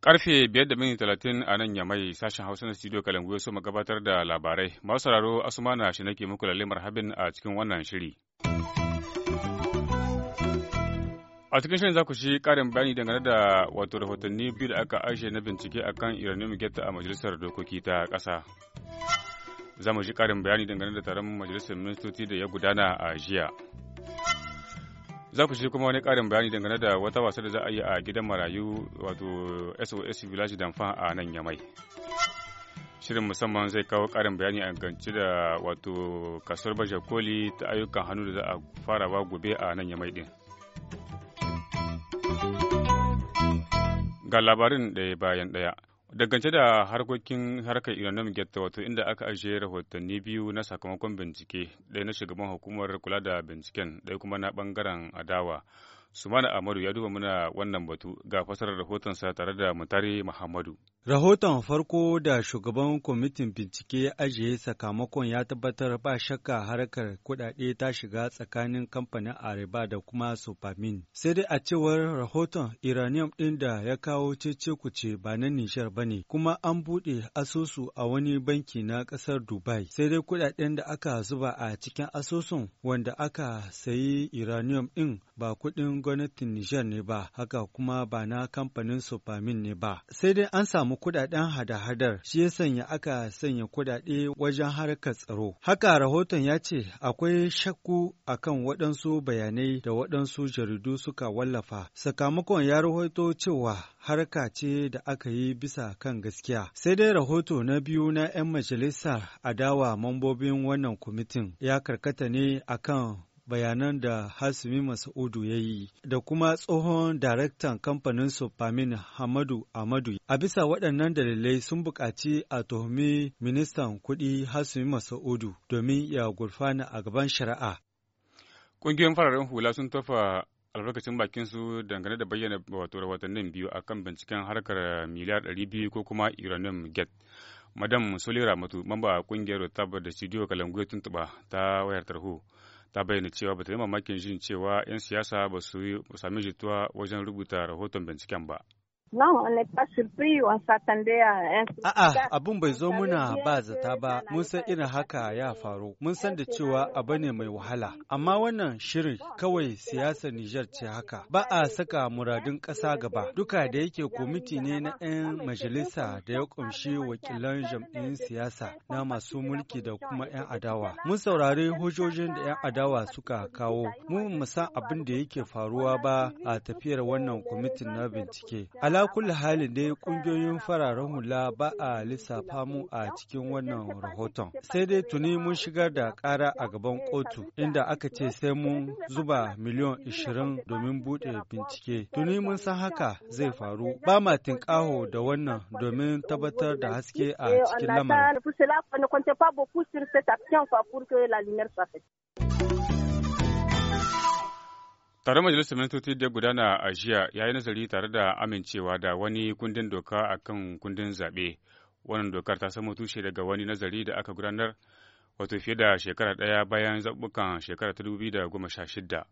Karfe biyar da minti talatin a nan ya yamai sashen Hausa na studio Kalangu ya so gabatar da labarai. Masu sauraro Asumana shi nake muku lalle marhabin a cikin wannan shiri. cikin shirin za ku shi karin bayani dangane da wato rahotanni biyu da aka aishe na bincike akan iranium getta a majalisar dokoki ta kasa Za mu shi karin bayani dangane da taron majalisar ministoci da ya gudana a jiya. Za ku shi kuma wani karin bayani dangane da wata wasa da za a yi a gidan marayu wato SOS Village Damfa a nan Yamai. shirin musamman zai kawo karin bayani a ganci da wato kasuwar baje koli ta ayyukan hannu da za a farawa gobe a nan yamai din. ga labarin ɗaya bayan ɗaya. Dangance da harkokin harkar Inonom Getta wato inda aka ajiye rahotanni biyu na sakamakon bincike, ɗaya na shugaban hukumar kula da binciken, ɗaya kuma na ɓangaren adawa. Sumana Amadu ya duba muna wannan batu ga fasarar rahotonsa tare da Mutare Muhammadu. Rahoton farko da shugaban kwamitin bincike ya ajiye sakamakon ya tabbatar ba shakka harkar kudade ta shiga tsakanin kamfanin Areba da kuma Sofamin. Sai dai a cewar rahoton Iranium ɗin da ya kawo cece-kuce ba na Nishar ba ne, kuma an buɗe asusu a wani banki na ƙasar Dubai. Sai dai kudaden da aka zuba a cikin asusun wanda aka sayi Iranium ɗin ba kuɗin gwamnatin Nijar ne ba, haka kuma ba na kamfanin Sofamin ne ba. Sai dai an samu kudaden hada-hadar, shi ya sanya aka sanya kudade wajen harkar tsaro. Haka rahoton ya ce akwai shakku akan waɗansu bayanai da waɗansu jaridu suka wallafa. Sakamakon ya rahoto cewa harka ce da aka yi bisa kan gaskiya. Sai dai rahoto na biyu na 'yan majalisar adawa mambobin wannan kwamitin ya karkata ne akan bayanan da Hasimi Masaudu ya yi da kuma tsohon daraktan kamfanin Sofamin Hamadu Amadu. A bisa waɗannan dalilai sun buƙaci a tuhumi ministan kuɗi Hasimi Masaudu domin ya gurfana a gaban shari'a. Ƙungiyoyin fararen hula sun tafa albarkacin bakin su dangane da bayyana wato rahotannin biyu akan binciken harkar miliyar biyu ko kuma iranium gate. Madam Solera Matu, mamba ƙungiyar Rotab da Studio Kalangoyo tuntuɓa ta wayar tarho. ta bayyana cewa bata yi mamakin jin cewa 'yan siyasa ba su sami jituwa wajen rubuta rahoton binciken ba. abin A'a, abin bai zo muna ba zata ba, mun san irin haka ya faru, mun san da cewa abu ne mai wahala, amma wannan shirin kawai siyasar Nijar ce haka, ba a saka muradin ƙasa gaba, duka da yake kwamiti ne na 'yan majalisa da ya ƙunshi wakilan Jam'in siyasa na masu mulki da kuma 'yan adawa. Mun saurari hujjojin da 'yan adawa suka kawo, mun san abin da yake faruwa ba a tafiyar wannan kwamitin na bincike. Ala ya kulli halin dai kungiyoyin fararen hula ba a lissafa mu a cikin wannan rahoton. Sai dai tuni mun shigar da kara a gaban kotu inda aka ce sai mun zuba miliyan 20 domin buɗe bincike. Tuni mun san haka zai faru. Ba ma tinkaho da wannan domin tabbatar da haske a cikin lamarin. tare Majalisar Ministoci da gudana a jiya ya yi nazari tare da amincewa da wani kundin doka a kan kundin zaɓe. Wannan dokar ta samu tushe daga wani nazari da aka gudanar wato fiye da shekara ɗaya bayan zaɓukan shekara ta dubu da goma sha shida.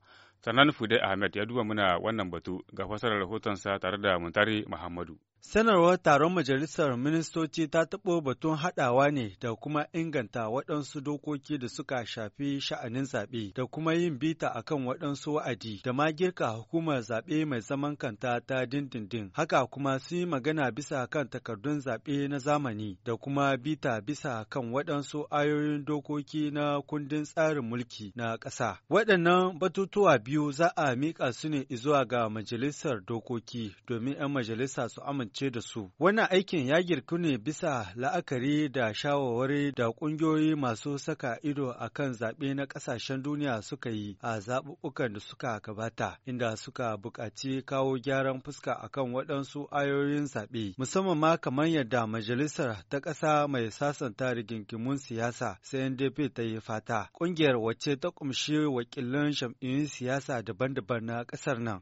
sannan fude ahmed ya duba muna wannan batu ga fasarar rahotonsa tare da muntari muhammadu Sanarwar taron Majalisar Ministoci ta taɓo batun haɗawa ne da kuma inganta waɗansu dokoki da suka shafi sha'anin zaɓe da kuma yin bita akan waɗansu wa'adi da ma girka hukumar zaɓe mai zaman kanta ta dindindin. Haka kuma su yi magana bisa kan takardun zaɓe na zamani da kuma bita bisa kan waɗansu ayoyin dokoki na kundin tsarin mulki na ƙasa. Waɗannan batutuwa biyu biyu za a miƙa su ne zuwa ga majalisar dokoki domin 'yan majalisa su amince da su. Wannan aikin ya girku ne bisa la'akari da shawarwari da ƙungiyoyi masu saka ido a kan zaɓe na ƙasashen duniya suka yi a zaɓuɓɓukan da suka gabata, inda suka buƙaci kawo gyaran fuska akan waɗansu ayoyin zaɓe, musamman ma kamar yadda majalisar ta ƙasa mai sasanta rigingimun siyasa CNDP ta yi fata. Ƙungiyar wacce ta ƙumshi wakilan jam'iyyun siyasa siyasa daban-daban na ƙasar nan.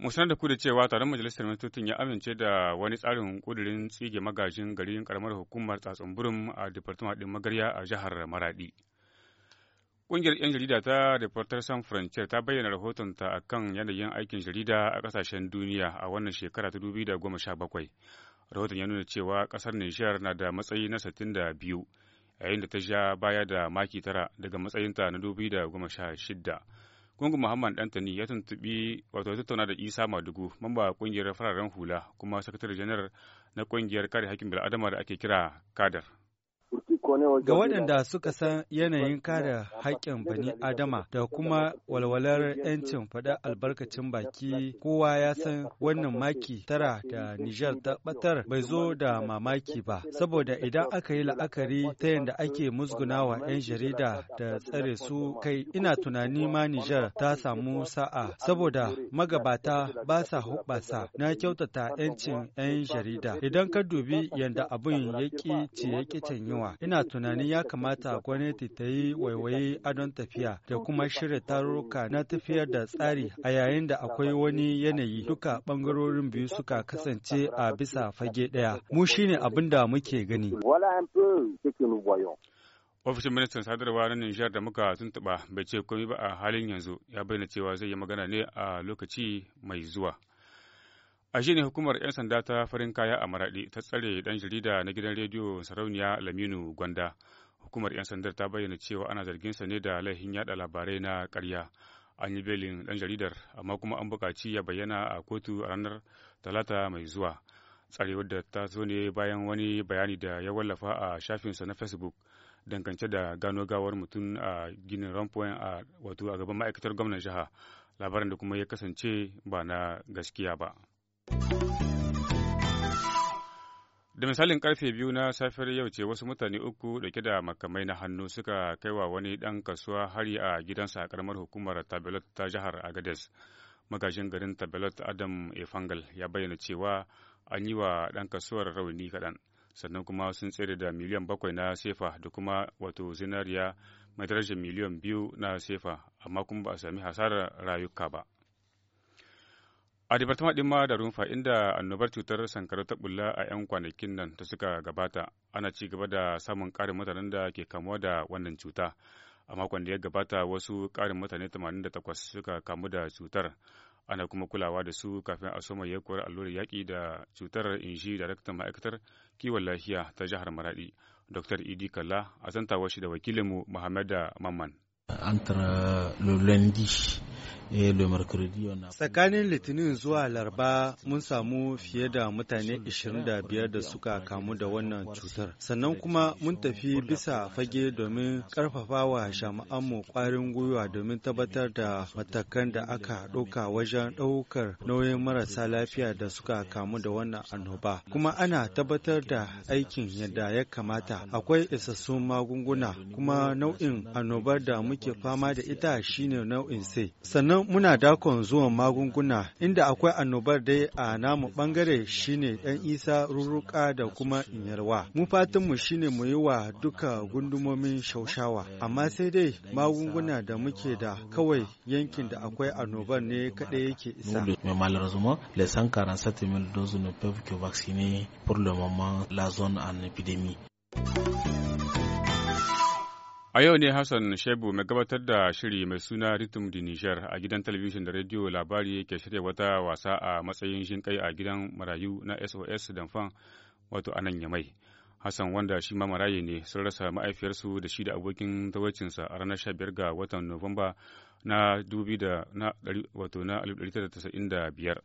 mu sanar da ku da cewa taron majalisar ministocin ya amince da wani tsarin kudirin tsige magajin garin karamar hukumar Tsatsunburin a departama din magarya a jihar maradi ƙungiyar 'yan jarida ta reporter san frontier ta bayyana rahotonta a kan yanayin aikin jarida a ƙasashen duniya a wannan shekara ta bakwai rahoton ya nuna cewa ƙasar nijar na da matsayi na biyu yayin da ta sha baya da maki tara daga matsayinta na shida. Gungun Muhammad Dantani ya tuntubi wato ya tattauna da Isa Madugu, mamba kungiyar fararen hula kuma sakatare janar na kungiyar kare haƙƙin bil'adama da ake kira Kadar. Ga waɗanda suka san yanayin kare haƙƙin bani Adama da kuma walwalar 'yancin faɗa albarkacin baki kowa ya san wannan maki tara da Nijar ta ɓatar bai zo da mamaki ba, saboda idan aka yi la'akari ta yadda ake musgunawa 'yan jarida da tsare su kai ina tunani ma Nijar ta samu sa'a, saboda magabata ba sa hubasa na kyautata 'yancin 'yan jarida. Idan ka dubi yadda abin yaƙi ce yaƙi canyewa, ina ina tunanin ya kamata gwamnati ta yi waiwaye adon tafiya da kuma shirya tarurruka na tafiyar da tsari a yayin da akwai wani yanayi duka bangarorin biyu suka kasance a bisa fage daya Mu shine abin da muke gani. Ofishin ministan sadarwa na Nijar da muka tuntuɓa bai ce komai ba a halin yanzu ya bayyana cewa zai yi magana ne a lokaci mai zuwa. A shi hukumar 'yan sanda ta farin kaya a Maraɗi ta tsare dan jarida na gidan rediyo Sarauniya Laminu Gwanda. Hukumar 'yan sandar ta bayyana cewa ana zargin sa ne da laifin yada labarai na karya An yi belin dan jaridar, amma kuma an buƙaci ya bayyana a kotu a ranar Talata mai zuwa. Tsarewar da ta zo ne bayan wani bayani da ya wallafa a shafinsa na Facebook dangance da gano gawar mutum a ginin rampoin a wato a gaban ma'aikatar gwamnan jiha labarin da kuma ya kasance ba na gaskiya ba. Da misalin karfe biyu na safiyar yau ce wasu mutane uku dauke da makamai na hannu suka kai wa wani dan kasuwa hari a gidansa a karamar hukumar Tabelot ta jihar Agadez. Magajin garin Tabelot Adam Efangal ya bayyana cewa an yi wa dan kasuwar rauni kaɗan. sannan kuma sun tsere da miliyan bakwai na sefa da kuma wato zinariya mai darajar miliyan biyu na sefa amma kuma ba a sami hasarar rayuka ba. a department din ma da rumfa inda annobar cutar sankarau ta bulla a 'yan kwanakin nan ta suka gabata ana ci gaba da samun karin mutanen da ke kamuwa da wannan cuta a makon da ya gabata wasu karin mutane 88 suka kamu da cutar ana kuma kulawa da su kafin a soma yakuwar allurar yaƙi da cutar inji daraktan ma'aikatar kiwon lafiya ta jihar maradi dr idi kalla a zanta shi da wakilinmu muhammad mamman entre le Eh, Tsakanin Litinin zuwa larba mun samu fiye da mutane 25 da suka kamu da wannan cutar. Sannan kuma mun tafi bisa fage domin karfafa wa shama'anmu kwarin gwiwa domin tabbatar da matakan da aka ɗauka wajen ɗaukar nauyin marasa lafiya da suka kamu da wannan annoba. Kuma ana tabbatar da aikin yadda ya kamata. Akwai isassun magunguna kuma nau'in annobar da muke fama da ita shine nau'in sai. sannan muna dakon zuwan magunguna inda akwai annobar dai a namu bangare shine dan isa ruruka da kuma inyarwa mu fatan mu shine mu yi wa duka gundumomin shaushawa amma sai dai magunguna da muke da kawai yankin da akwai annobar ne kadai yake isa malheureusement les 147 000 doses ne peuvent que vacciner pour le moment la zone en épidémie A yau ne Hassan Shebu mai gabatar da shiri mai suna Rhythm di Niger a gidan talabijin da rediyo labari ke shirya wata wasa a matsayin shinkai a gidan marayu na SOS Danfan wato a nan Yamai. Hassan wanda shi ma maraye ne sun rasa ma'aifiyarsu da shi da abokin tawacinsa a ranar 15 ga watan Nuwamba na 1995.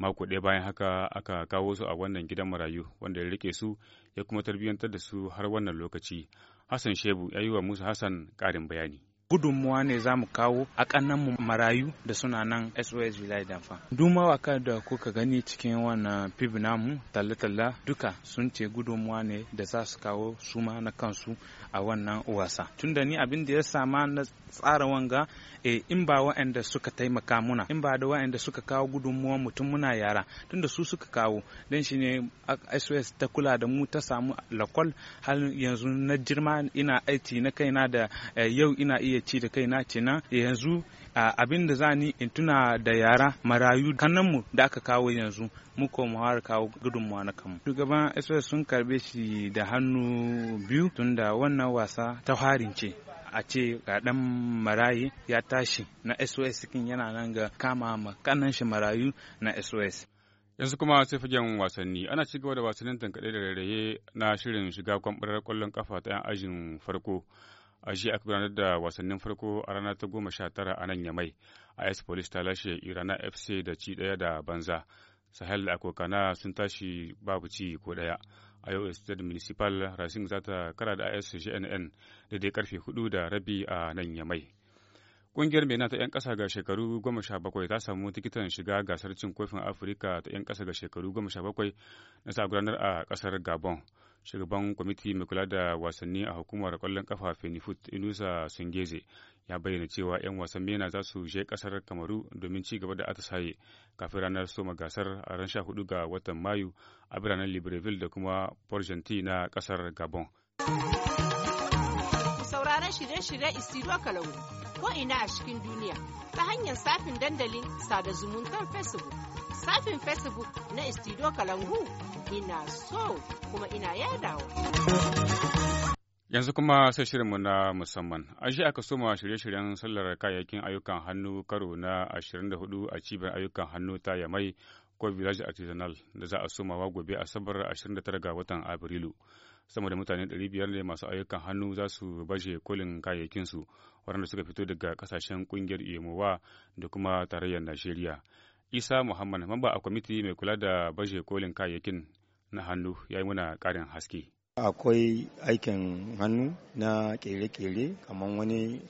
mako ɗaya bayan haka aka kawo su a wannan gidan marayu wanda ya rike su ya kuma tarbiyyantar da su har wannan lokaci hassan shebu ya yi wa musu hassan ƙarin bayani gudunmuwa ne za mu kawo a mu marayu da suna nan SOS Village Danfa. Duk ka da kuka gani cikin wannan fib namu talla-talla duka sun ce gudunmuwa ne da za su kawo suma na kansu a wannan wasa tunda ni abin da ya sama na tsara wanga e, in ba waɗanda suka taimaka muna in ba da waɗanda suka kawo gudunmuwa mutum muna yara tunda su suka kawo don shi ne sos ta kula da mu ta samu lakol har yanzu na jirma ina aiki na kaina da eh, yau ina iya ci da kaina cinan yanzu abin da za ni in tuna da yara marayu kannanmu da aka kawo yanzu mu koma har kawo gudunmuwa na kanmu shugaban sos sun karbe shi da hannu biyu tunda wannan wannan wasa ta harin ce a ce ga dan marayi ya tashi na sos kin yana nan ga kama makanan shi marayu na sos yanzu kuma sai fagen wasanni ana ci gaba da wasannin tankaɗe da rairaye na shirin shiga kwamɓarar kwallon kafa ta yan ajin farko a jiya aka gudanar da wasannin farko a rana ta goma sha tara a nan yamai a is police ta lashe irana fc da ci ɗaya da banza sahel da akokana sun tashi babu ci ko daya. a yau state municipal racing za ta kara da isgnn dai karfe hudu da rabi a nan yamai Ƙungiyar Mena ta 'yan ƙasa ga shekaru 17 bakwai ta samu tikitan shiga gasar cin kofin Afirka ta 'yan ƙasa ga shekaru 17 bakwai na sa gudanar a ƙasar Gabon. shugaban kwamiti mai kula da wasanni a hukumar kwallon kafa fenifut inusa sungeze ya bayyana cewa 'yan wasan mena za su je kasar kamaru domin ci gaba da atisaye kafin ranar soma gasar a ran hudu ga watan mayu a biranen libreville da kuma port na kasar gabon sauraron shirye-shirye isiro kalau ko ina a cikin duniya ta hanyar safin dandalin sada zumuntar facebook shafin facebook na istido kalangu ina so kuma ina yadawa. Yanzu kuma sai shirinmu na musamman. An shi aka soma shirye-shiryen sallar kayayyakin ayyukan hannu karo na 24 a cibiyar ayyukan hannu ta Yamai ko Village Artisanal da za a somawa gobe Asabar 29 ga watan Afrilu. Sama da mutane 500 ne masu ayyukan hannu za su baje kolin kayayyakinsu waɗanda suka fito daga kasashen ƙungiyar Imowa da kuma tarayyar Najeriya. Isa Muhammad, mamba a kwamiti mai kula da baje kolin kayayyakin na hannu ya yi muna ƙarin haske. Akwai aikin hannu na kere kere kamar wani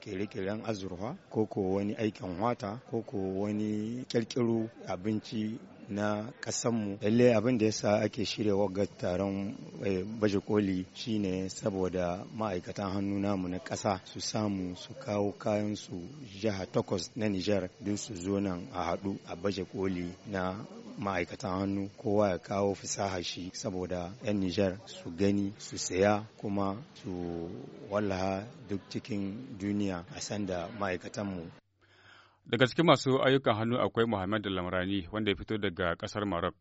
kere-keren eh, azurfa ko ko wani aikin wata ko ko wani kirkiro abinci na kasanmu lalle abin da yasa ake shirya wagga taron eh, baje koli shine saboda ma'aikatan hannu namu na ƙasa su samu su kawo kayan su jiha takwas na Nijar don su zo nan a haɗu a baje koli na ma'aikatan hannu kowa ya kawo fasaha shi saboda 'yan Nijar su gani su saya kuma su wallaha duk cikin duniya a sanda ma'aikatanmu Daga cikin masu ayyukan hannu akwai Muhammad Lamrani wanda ya fito daga ƙasar Maroc.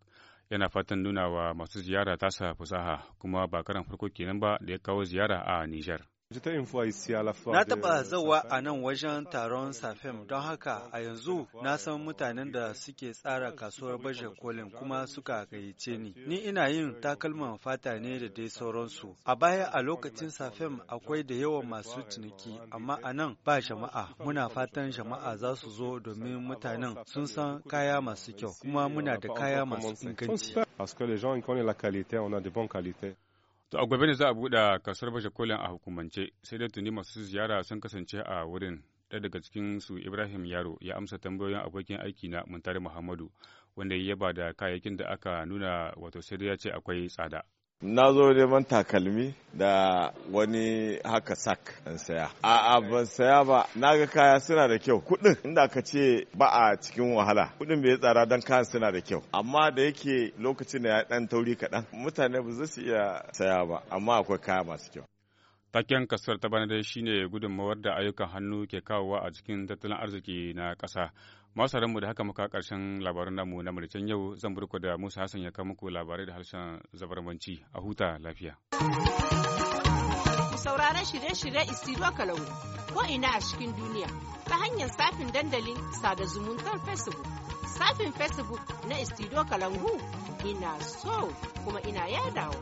Yana fatan nuna wa masu ziyara tasa fusaha kuma ba karan farko kenan ba da ya kawo ziyara a Nijar. Na taɓa zauwa a nan wajen taron SAFEM don haka a yanzu na san mutanen da suke tsara kasuwar baje kolin kuma suka gayyace ni. Ni ina yin takalman fata ne da dai sauransu. A baya a lokacin SAFEM akwai da yawan masu ciniki amma a nan ba jama'a. Muna fatan jama'a za su zo domin mutanen sun san kaya masu kyau kuma muna da kaya masu inganci. To a gobe ne za a buɗe kasuwar bashe kolin a hukumance sai dai tuni masu ziyara sun kasance a wurin ɗaya daga cikin su Ibrahim Yaro ya amsa tambayoyin abokin aiki na Muntari Muhammadu wanda ya yaba da kayayyakin da aka nuna wato sai dai ya ce akwai tsada. Na zo neman takalmi da wani haka sak an saya. A ban saya ba, na ga kaya suna da kyau. Kudin inda ka ce ba a cikin wahala. Kudin bai tsara don kayan suna da kyau. Amma da yake lokacin da ya dan tauri kaɗan, mutane ba za su iya saya ba, amma akwai kaya masu kyau. Taken kasuwar ta bana dai shine gudunmawar da ayyukan hannu ke kawowa a cikin tattalin arziki na ƙasa. masu da haka muka karshen labarin namu na maricen yau zan burko da musa hassan ya kawo muku labarai da harshen zabarmanci a huta lafiya sauraron shirye-shirye istiro kalangu ko ina a cikin duniya ta hanyar safin dandalin sada zumuntar facebook safin facebook na istiro kalangu ina so kuma ina yadawa